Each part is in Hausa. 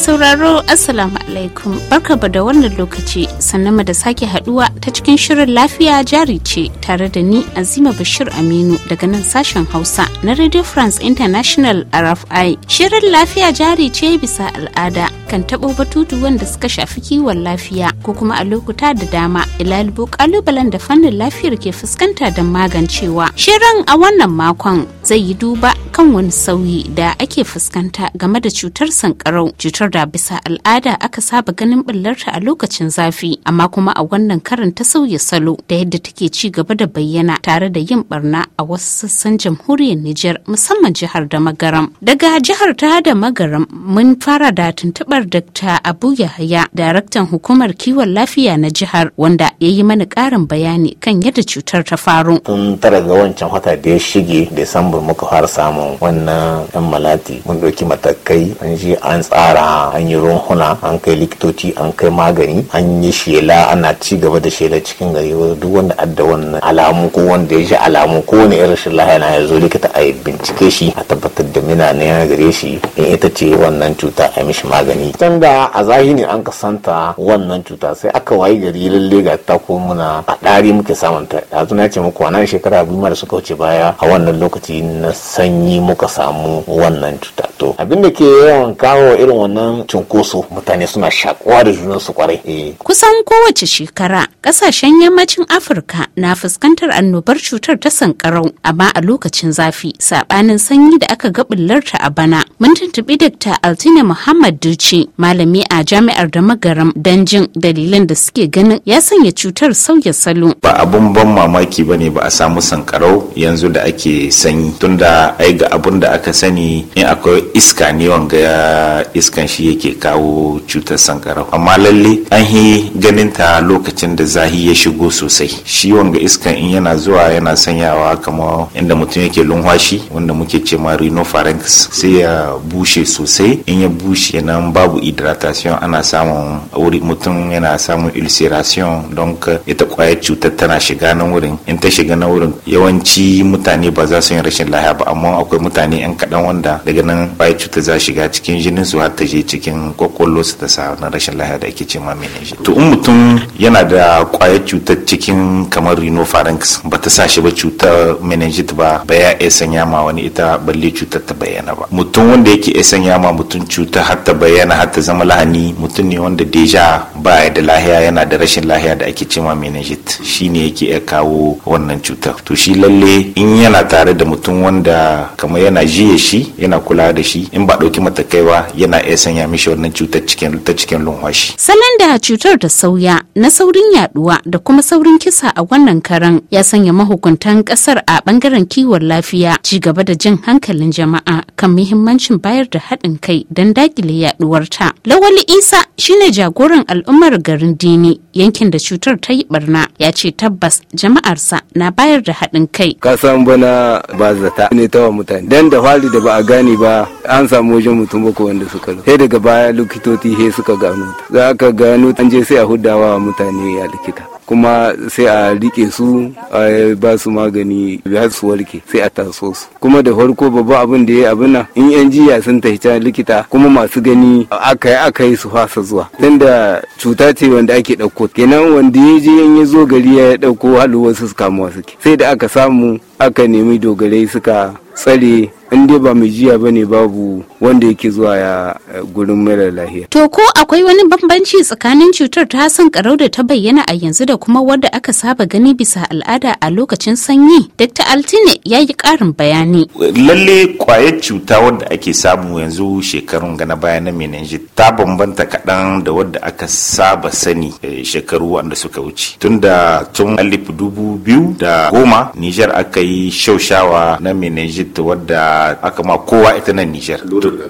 sauraro Assalamu alaikum barkaba da wannan lokaci sannan da sake haduwa ta cikin shirin lafiya jari ce tare da ni Azima Bashir Aminu daga nan sashen Hausa na Radio France International RFI. Shirin lafiya jari ce bisa al'ada kan taɓo batutu wanda suka shafi kiwon lafiya ko kuma a lokuta da dama ilalibo kalubalen da fannin lafiyar ke fuskanta don magancewa. Shirin a wannan makon zai yi duba kan wani sauyi da ake fuskanta game da cutar sankarau cutar da bisa al'ada aka saba ganin ɓullarta a lokacin zafi amma kuma a wannan karin ta sauya salo da yadda take ci gaba da bayyana tare da yin barna a wasu sassan jamhuriyar Nijar musamman jihar da magaram. Daga jihar ta da magaram mun fara da tuntuɓar Dr. Abu Yahaya daraktan hukumar kiwon lafiya na jihar wanda ya yi mana ƙarin bayani kan yadda cutar ta faru. Tun tara ga wancan wata da ya shige Desambar muka fara samun wannan malati mun ɗauki matakai an je an tsara an yi runhuna an kai likitoci an kai magani an yi shela ana ci gaba da shela cikin gari duk wanda adda wannan alamu ko wanda ya ji alamu ko wani irin rashin lahiya ya zo likita a bincike shi a tabbatar da mina ne ya gare shi in ita ce wannan cuta a mishi magani tanda a zahiri an kasanta wannan cuta sai aka wayi gari lalle ga ta ko muna a ɗari muke samun ta yanzu na ce muku wannan shekara biyu mara suka wuce baya a wannan lokaci na sanyi muka samu wannan cuta to abinda ke yawan kawo irin wannan wannan cunkoso mutane suna shakuwa da junansu kwarai. Eh. Kusan kowace shekara kasashen yammacin Afirka na fuskantar annobar cutar ta sankarau amma a lokacin zafi sabanin sanyi da aka ga bullarta a bana. Mun tuntubi Dr. Altina Muhammad Duce malami a jami'ar da magaram danjin jin dalilan da suke ganin ya sanya cutar sauya salo. Ba abun ban mamaki ba ne ba a samu sankarau yanzu da ake sanyi tunda ai ga abun da aka sani in akwai iska ne wanga iskan shi yake kawo cutar sankara amma lalle an yi ganin ta lokacin da zahi ya shigo sosai shi wanga iskan in yana zuwa yana sanyawa kamar inda mutum yake lunwashi wanda muke ce ma rhinopharynx sai ya bushe sosai in ya bushe nan babu hydratation ana samun wuri mutum yana samun ulceration don ita kwayar cutar tana shiga nan wurin in ta shiga nan wurin yawanci mutane ba za su yi rashin lahiya ba amma akwai mutane yan kaɗan wanda daga nan kwayar cutar za shiga cikin jinin su har ta je ke cikin kwakwallo ta sa na rashin lahiya da ake ce ma meningitis to in mutum yana da kwayar cutar cikin kamar rhinopharynx ba ta sa shi ba cutar meningitis ba ba ya iya sanya ma wani ita balle cutar ta bayyana ba mutum wanda yake iya sanya ma mutum cutar har ta bayyana har ta zama lahani mutum ne wanda deja ba da lahiya yana da rashin lahiya da ake cema shi ne yake iya kawo wannan cutar to shi lalle in yana tare da mutum wanda kamar yana jiye shi yana kula da shi in ba ɗauki matakai ba yana iya sanya mishi wannan cutar cikin ta cikin lumfashi salon da cutar da sauya na saurin yaduwa da kuma saurin kisa a wannan karan ya sanya mahukuntan kasar a bangaren kiwon lafiya ci gaba da jin hankalin jama'a kan muhimmancin bayar da haɗin kai don dakile yaduwar ta lawali isa shine jagoran al'umma umar garin dini yankin da cutar ta yi barna ya ce tabbas jama'arsa na bayar da haɗin kai ka san bana ba zata ne tawa mutane dan da hali da ba a gane ba an samu wajen mutum ko wanda suka zo sai daga baya likitoci he suka gano za ka gano an je sai a hudawa mutane ya likita kuma sai a rike su a ba su magani da su warke sai a taso su kuma da farko babban abin da ya abin nan in yan jiya sun tafi can likita kuma masu gani aka yi aka yi su fasa zuwa tunda cuta ce wanda ake ɗauko kenan wanda ya je in ya zo gari ya ɗauko halu wasu su kamuwa suke sai da aka samu aka nemi dogarai suka tsare in dai ba mai jiya bane babu wanda yake zuwa ya eh, gurin mara lahiya. To ko akwai wani bambanci tsakanin cutar ta san karau da ta bayyana a yanzu da kuma wadda aka saba gani bisa al'ada a lokacin sanyi? Dr. Altine ya yi ƙarin bayani. Lalle kwayar cuta wadda ake samu yanzu shekarun gana baya na meningitis ta bambanta kaɗan da wadda aka saba sani eh, shekaru wanda suka wuce. Tun da tun alif dubu biyu da goma Nijar aka yi shawa na meningitis ta wadda aka ma kowa ita nan Nijar.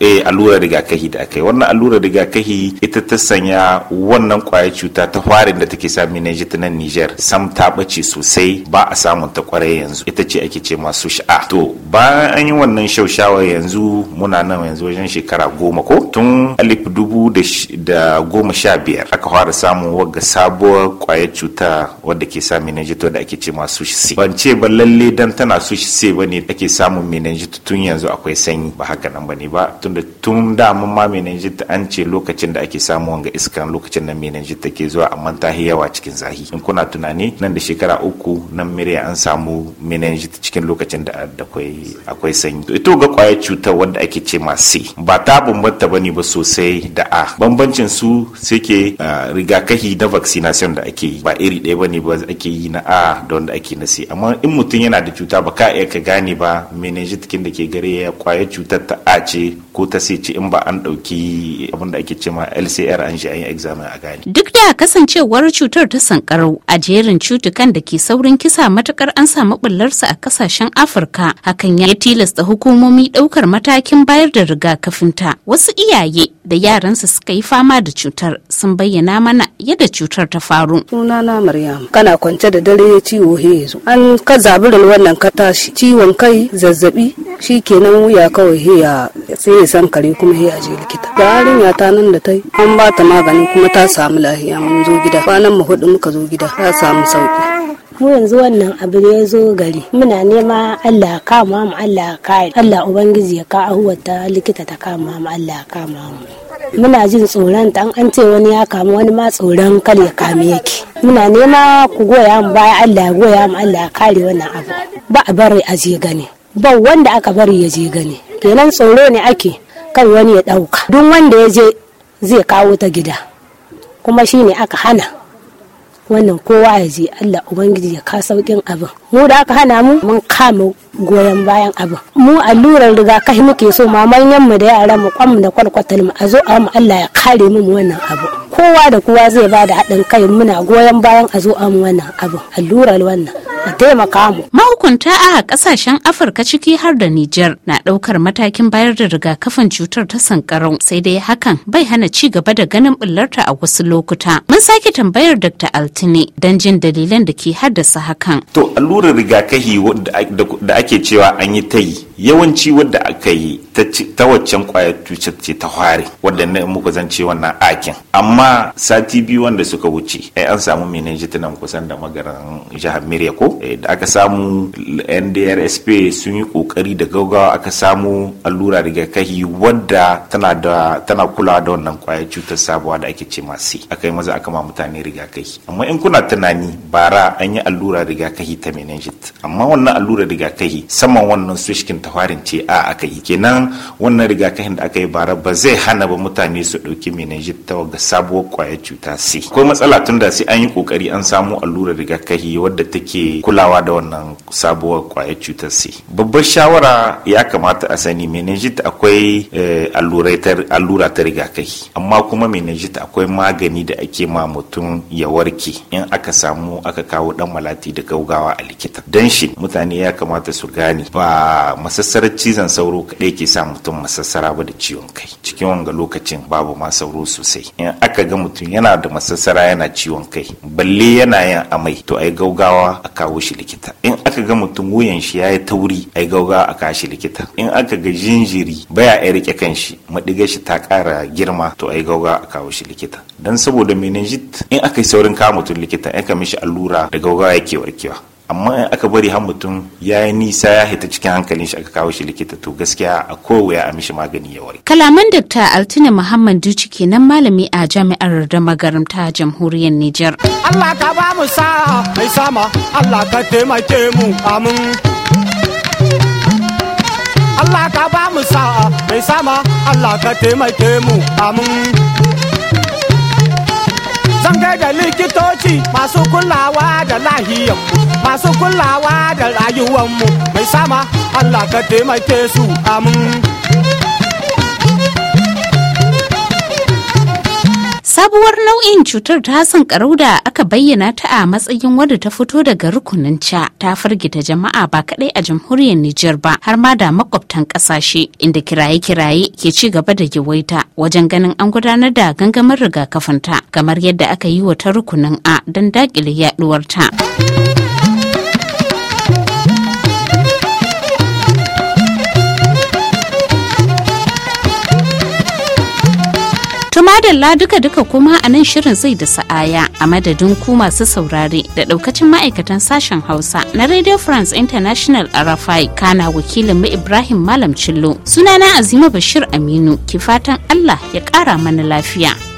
Eh allurar rigakafi da aka yi. Wannan allurar rigakafi ita ta sanya wannan kwayar cuta ta farin da take sa ta nan Nijar sam ta bace sosai ba a samun ta kwarai yanzu. Ita ce ake ce masu sha'a. To bayan an yi wannan shaushawa yanzu muna nan yanzu wajen shekara goma ko tun alif dubu da goma sha biyar aka fara samun wagga sabuwar kwayar cuta wadda ke sa meningitis da ake ce masu shi. Ban ce ba lalle dan tana su shi ba ne ake samun meningitis tun yanzu akwai sanyi ba haka nan bane ba tun tun da mun ma meningitis an ce lokacin da ake samu wanga iskan lokacin nan meningitis take zuwa amma ta yawa cikin zahi in kuna tunani nan da shekara uku nan mire an samu meningitis cikin lokacin da akwai sanyi to ito ga kwaya cutar wanda ake ce ma C ba ta bambanta bane ba sosai da A bambancin su ke rigakafi na vaccination da ake yi ba iri ɗaya bane ba ake yi na A da wanda ake na C amma in mutum yana da cuta ba ka iya ka gane ba meningit kin da ke gare ya kwaya cutar ta a ce ko ta sai ce in ba an ɗauki abin da ake ce ma lcr an shi an yi examen a gane duk da kasancewar cutar ta sankarau a jerin cutukan da ke saurin kisa matukar an samu bullarsa a kasashen afirka hakan ya tilasta hukumomi ɗaukar matakin bayar da ta wasu iyaye da yaransu suka yi fama da cutar sun bayyana mana yadda cutar ta faru sunana maryam kana kwance da dare ciwo he yanzu an ka zabirin wannan ka tashi ciwon kai zazzabi zazzabi shi kenan wuya kawai hiya sai ya san kare kuma hiya je likita da ta nan da tai an ba ta magani kuma ta samu lahiya mun zo gida kwanan mu hudu muka zo gida ta samu sauki mu yanzu wannan abu ne zo gari muna nema Allah kama mu Allah kai Allah ubangiji ya ka ahuwata likita ta kama mu Allah kama mu muna jin tsoron ta an ce wani ya kama wani ma tsoron kar ya kame yake muna nema ku goya mu baya Allah ya goya mu Allah ya kare wannan abu ba a bari a je gani ba wanda aka bari ya je gani kenan tsoro ne ake kan wani ya ɗauka duk wanda ya je zai kawo ta gida kuma shi ne aka hana wannan kowa ya je Allah Ubangiji ya ka saukin abin mu da aka hana mu mun kama goyon bayan abin mu allurar rigakafi muke so ma manyan mu da yaran mu kwanmu da kwalkwatar mu a zo a mu Allah ya kare mu wannan abu kowa da kowa zai ba da haɗin kai muna goyon bayan a zo a mu wannan abu allurar wannan a taimaka mu. Mahukunta a kasashen Afirka ciki har da Nijar na ɗaukar matakin bayar da rigakafin cutar ta sankarau sai dai hakan bai hana ci gaba da ganin bullarta a wasu lokuta. Mun sake tambayar Dr. Altine don jin dalilan da ke haddasa hakan. To allurar rigakafi da ake cewa an yi ta yi yawanci wadda aka yi ta waccan kwayar cutar ce ta hware wadda na muka zance wannan akin amma sati biyu wanda suka wuce ai eh, an samu meningitis nan kusan da magaran jihar Mirya ko eh, da aka samu NDRSP sun yi kokari da gaugawa aka samu allura kahi wadda tana da kula da wannan kwayar cutar sabuwa da ake ce masu aka yi maza aka ma mutane rigakafi amma in kuna tunani bara an yi allura rigakahi ta meningitis amma wannan allura rigakafi saman wannan swishkin tafarin ce a aka yi kenan wannan rigakafin da aka yi bara ba zai hana ba mutane su ɗauki meningitis ta ga sabuwar kwayar cuta c akwai matsala tun da sai an yi kokari an samu allurar rigakafi wadda take kulawa da wannan sabuwar kwayar cutar c babbar shawara ya kamata a sani meningitis akwai eh, allura ta rigakafi amma kuma meningitis akwai magani da ake ma mutum ya warke in aka samu aka kawo dan malati da gaugawa a likita Dan shi mutane ya kamata su gane ba masassarar cizon sauro kaɗai ke sa mutum masassara ba da ciwon kai cikin wanga lokacin babu ma sauro sosai in aka ga mutum yana da masassara yana ciwon kai balle yana yin amai to ai gaugawa a kawo shi likita in aka ga mutum wuyan shi ya yi tauri ai gaugawa a kawo shi likita in aka ga jinjiri baya ya rike kan shi madiga shi ta ƙara girma to ai gaugawa a kawo shi likita dan saboda meningitis in aka yi saurin kawo mutum likita ya mishi allura da gaugawa yake warkewa amma in aka bari har mutum ya yi nisa ya hita cikin hankalin shi aka kawo shi likita to gaskiya a kowaya a mishi magani ya wari. kalaman dakta altina muhammad duci kenan malami a jami'ar da magaramta jamhuriyar niger. allah ka ba mu sa'a mai sama allah ka taimake mu amin. allah ka ba mu sa'a mai sama allah ka taimake mu amin. zan da likitoci masu kulawa da lahiyar masu kulawa da rayuwar mu mai sama Allah ka taimake su amin Sabuwar nau'in cutar ta sankarau da aka bayyana ta a matsayin wadda ta fito daga rukunin ca ta firgita jama'a ba kadai a jamhuriyar Nijar ba har ma da makwabtan kasashe inda kiraye-kiraye ke ci gaba da yawaita wajen ganin an gudanar da gangamin rigakafinta kamar yadda aka yi wa ta rukunin A don dakile yaduwar ta. madalla duka-duka kuma a nan shirin zai da sa'aya a madadin ku masu saurare da ɗaukacin ma'aikatan sashen hausa na radio france international arafai kana wakilin mu ibrahim malam cillo sunana azima bashir aminu ki fatan allah ya kara mana lafiya